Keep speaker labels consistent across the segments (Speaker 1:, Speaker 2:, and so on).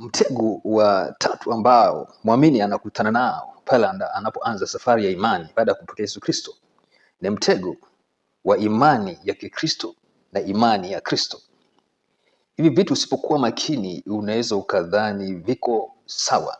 Speaker 1: mtego wa tatu ambao mwamini anakutana nao pale anapoanza safari ya imani baada ya kumpokea Yesu Kristo ni mtego wa imani ya Kikristo na imani ya Kristo. Hivi vitu usipokuwa makini, unaweza ukadhani viko sawa,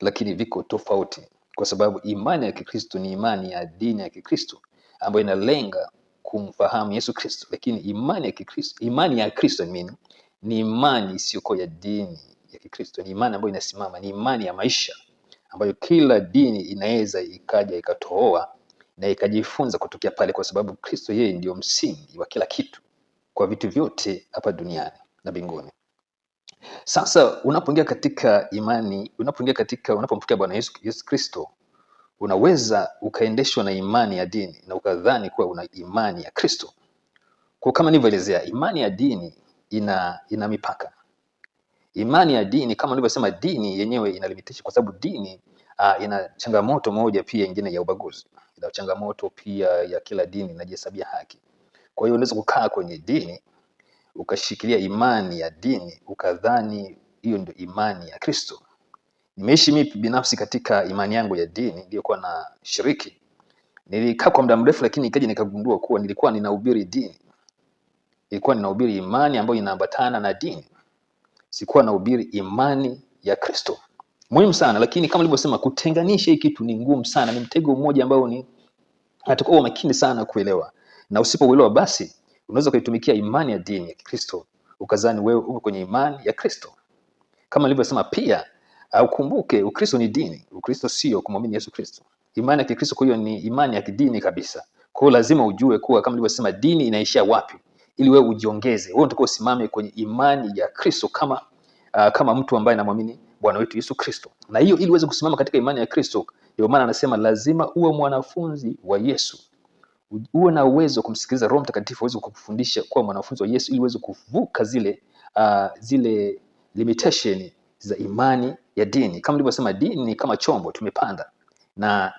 Speaker 1: lakini viko tofauti, kwa sababu imani ya Kikristo ni imani ya dini ya Kikristo ambayo inalenga kumfahamu Yesu Kristo, lakini imani ya Kikristo, imani ya Kristo I mean, ni imani isiyokuwa ya dini ya Kikristo, ni imani ambayo inasimama, ni imani ya maisha ambayo kila dini inaweza ikaja ikatoa na ikajifunza kutokea pale, kwa sababu Kristo yeye ndio msingi wa kila kitu kwa vitu vyote hapa duniani na mbinguni. Sasa unapoingia katika imani, unapoingia katika, unapompokea Bwana Yesu, Yesu Kristo, unaweza ukaendeshwa na imani ya dini na ukadhani kuwa una imani ya Kristo. Kwa kama nilivyoelezea, imani ya dini ina, ina mipaka Imani ya dini kama nilivyosema, dini yenyewe ina limitation kwa sababu dini uh, ina changamoto moja pia nyingine ya ubaguzi, ina changamoto pia ya kila dini inajihesabia haki. Kwa hiyo unaweza kukaa kwenye dini ukashikilia imani ya dini ukadhani hiyo ndio imani ya Kristo. Nimeishi mimi binafsi katika imani yangu ya dini iliyokuwa na shiriki, nilikaa kwa muda mrefu, lakini ikaja nikagundua kuwa nilikuwa ninahubiri dini, ilikuwa ninahubiri imani ambayo inaambatana na dini sikuwa nahubiri imani ya Kristo. Muhimu sana lakini, kama nilivyosema, kutenganisha hii kitu ni ngumu sana, ni mtego mmoja ambao ni atakuwa makini sana kuelewa, na usipouelewa basi unaweza kuitumikia imani ya dini ya Kristo ukazani wewe uko kwenye imani ya Kristo. Kama nilivyosema pia, ukumbuke Ukristo ni dini. Ukristo sio kumwamini Yesu Kristo. Imani ya Kikristo kwa hiyo ni imani ya kidini kabisa. Kwa lazima ujue kuwa kama nilivyosema, dini inaishia wapi ili wewe ujiongeze. Wewe unatakiwa usimame kwenye imani ya Kristo kama uh, kama mtu ambaye anamwamini Bwana wetu Yesu Kristo. Na hiyo ili uweze kusimama katika imani ya Kristo, ndio maana anasema lazima uwe mwanafunzi wa Yesu, uwe na uwezo kumsikiliza Roho Mtakatifu uweze kukufundisha kuwa mwanafunzi wa Yesu, ili uweze kuvuka zile uh, zile limitation za imani ya dini. Kama nilivyosema, dini ni kama chombo tumepanda, na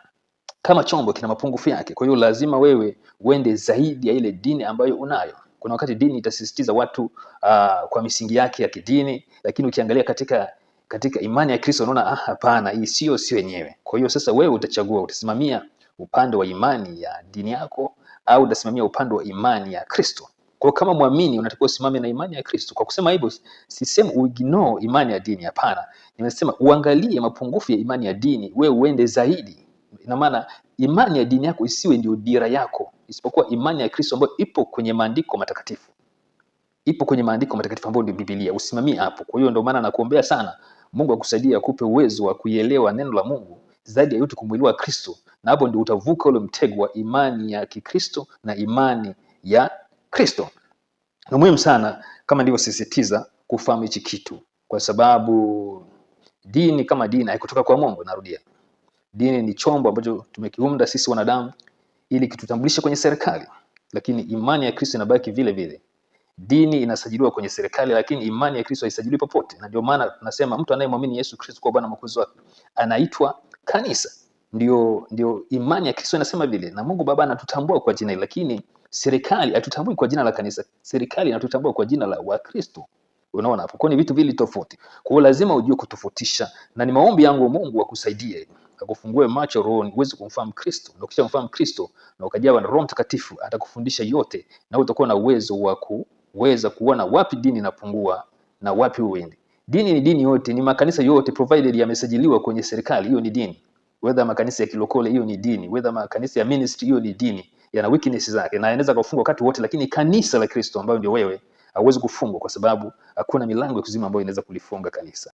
Speaker 1: kama chombo kina mapungufu yake. Kwa hiyo lazima wewe uende zaidi ya ile dini ambayo unayo. Kuna wakati dini itasisitiza watu uh, kwa misingi yake ya kidini, lakini ukiangalia katika katika imani ya Kristo unaona ah, hapana, hii sio sio yenyewe. Kwa hiyo sasa wewe utachagua, utasimamia upande wa imani ya dini yako au utasimamia upande wa imani ya Kristo. Kwa kama mwamini unatakiwa usimame na imani ya Kristo. Kwa kusema hivyo, sisemi uignore imani ya dini, hapana. Nimesema uangalie mapungufu ya imani ya dini, wewe uende zaidi. Ina maana imani ya dini yako isiwe ndio dira yako, isipokuwa imani ya Kristo ambayo ipo kwenye maandiko matakatifu, ipo kwenye maandiko matakatifu ambayo ndio Biblia. Usimamie hapo. Kwa hiyo ndio maana nakuombea sana Mungu akusaidie, akupe uwezo wa kuielewa neno la Mungu zaidi ya yote kumwelewa Kristo, na hapo ndio utavuka ule mtego wa imani ya Kikristo na imani ya Kristo. Ni muhimu sana kama nilivyosisitiza kufahamu hichi kitu, kwa sababu dini kama dini haikutoka kwa Mungu. Narudia, dini ni chombo ambacho tumekiunda sisi wanadamu ili kitutambulishe kwenye serikali, lakini imani ya Kristo inabaki vile vile. Dini inasajiliwa kwenye serikali, lakini imani ya Kristo haisajiliwi popote, na ndio maana tunasema mtu anayemwamini Yesu Kristo kwa Bwana mwokozi wake anaitwa kanisa. Ndio, ndio imani ya Kristo inasema vile, na Mungu Baba anatutambua kwa jina lakini serikali hatutambui kwa jina la kanisa, serikali inatutambua kwa jina la Wakristo. Unaona hapo, kwa ni vitu vili tofauti. Kwa hiyo lazima ujue kutofautisha, na ni maombi yangu Mungu akusaidie akufungue macho rohoni uweze kumfahamu Kristo, na ukisha kumfahamu Kristo na ukajawa na Roho Mtakatifu atakufundisha yote, na utakuwa na uwezo wa kuweza kuona wapi dini inapungua na wapi uende. Dini ni dini yote, ni makanisa yote provided yamesajiliwa kwenye serikali, hiyo ni dini. Whether makanisa ya kilokole, hiyo ni dini. Whether makanisa ya ministry, hiyo ni dini, yana weakness zake na yanaweza kufungwa wakati wote, lakini kanisa la Kristo ambayo ndio wewe hauwezi kufungwa, kwa sababu hakuna milango ya kuzima ambayo inaweza kulifunga kanisa.